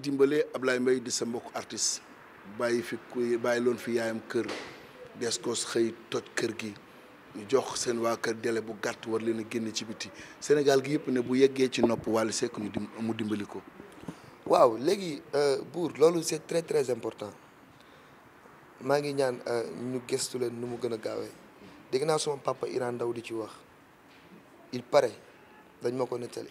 dimbalee ab Ablaye mbay di sa mbokk artiste bàyyi fi ku bàyyi loon fi yaayam kër des ko xëy toj kër gi ñu jox seen waa kër délai bu gàtt war leen a génne ci biti Sénégal gi yëpp ne bu yeggee ci nopp Wally Seck ñu dim mu dimbali ko. waaw léegi euh, buur loolu c'est très très important maa ngi ñaan euh, ñu gëstu leen nu mu gën a gaawee dégg naa suma papa Iran Ndaw di ci wax il pare dañ ma ko nettali.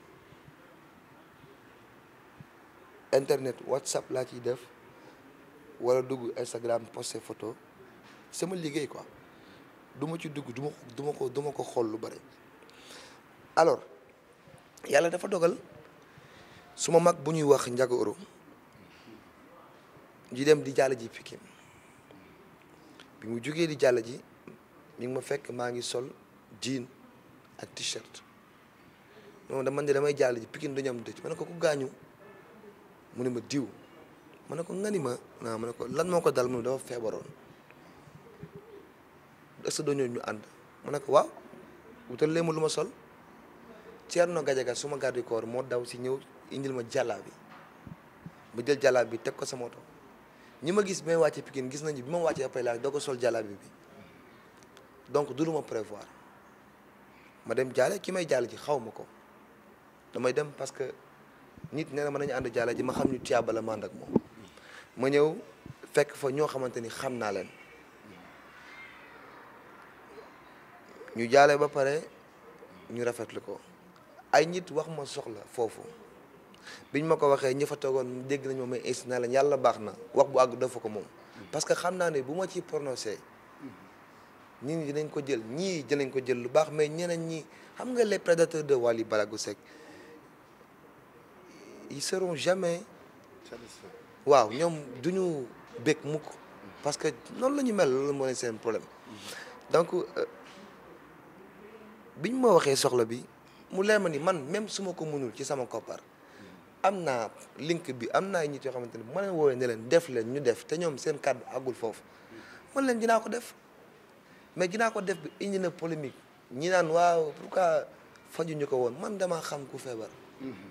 internet whatsapp laa ciy def wala dugg Instagram posté photo sama liggéey ko duma ci dugg duma ma ko duma ko xool lu bëri alors yàlla dafa dogal su ma mag bu ñuy wax njaga euro di dem di jàll ji Pikine bi mu jógee di jàll ji mi ngi ma fekk maa ngi sol jiin ak t-shirt non dama ne damay jàll ji Pikine dañu am dëj ma ne ko ku gaañu mune ma diw ma ko ma na ma ko lan moko dal mu ne dafa mana est do que ñu and ma ko waaw wutal lee ma lu ma sol suma gardi corps mo daw ci ñew indil ma jàllaa bi ma jël jàllaa bi tek ko sa moto ñima gis may wacce Pikine gis nañu bima wacce wàccee la doko sol jàllaa bi dongku donc du lu prévoir ma dem jaale ki may jaale ci xawmako damay dem parce que nit nee na mën nañu ànd jaale ji ma xam ni tiyaaba la ak moom ma ñëw fekk fa ñoo xamante ni xam naa leen ñu jaale ba pare ñu rafetlu ko ay nit wax ma soxla foofu biñ ma ko waxee ñi fa toogoon dégg nañ ma may insi naa leen yàlla baax na wax bu àgg dafa ko moom parce que xam naa ne bu ma ci prononcé nit ñi dinañ ko jël ñii dinañ ko jël lu baax mais ñeneen ñi xam nga les prédateurs de Wally Balago Seck ils seront jamais waaw ñom duñu bék bég mukk parce que non lañu mel loolu moo problème donc euh, biñ ma waxé soxla bi mu leer ni man même suma ko mënul ci sama copar amna link bi amna naa ñit yoo xamante ne ma leen woowee def leen ñu def té ñom seen cadre agul fofu man leen dina ko def mais dina ko def bi indi na polémique ñi nan waaw pourquoi faju ñu ko man dama xam ku feebar mm-hmm.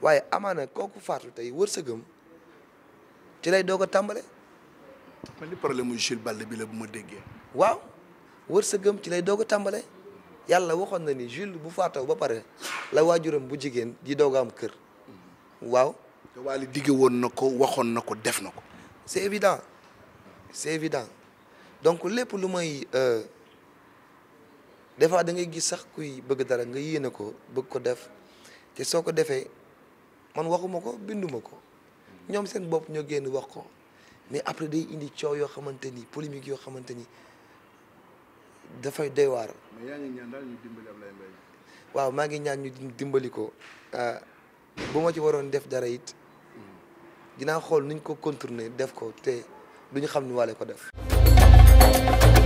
waaye amaana kooku faatu tey wërsëgam ci lay doog a tàmbale. man mu Jules Baldé bi bu ma déggee. waaw wërsëgam ci lay doog a tàmbale yàlla waxoon na ni Jules bu faatoo ba pare la waajuram bu jigéen di doog am kër waaw. te woon na ko waxoon na ko def na ko. c'est évident c'est évident donc lépp lu may euh, des fois da ngay gis sax kuy bëgg dara nga yéene ko bëgg ko def te soo ko defee. man waxuma ko binduma ko ñoom seen bopp ñoo génn wax ko mais après day indi coow yoo xamante ni polémique yoo xamante ni dafay doy waar. mais ngi ñaan daal ñu dimbali Ablaye waaw maa ngi ñaan ñu dimbali ko euh, bu ma ci waroon def dara it dinaa xool nuñ ko contourner def ko te ñu xam ni waale ko def.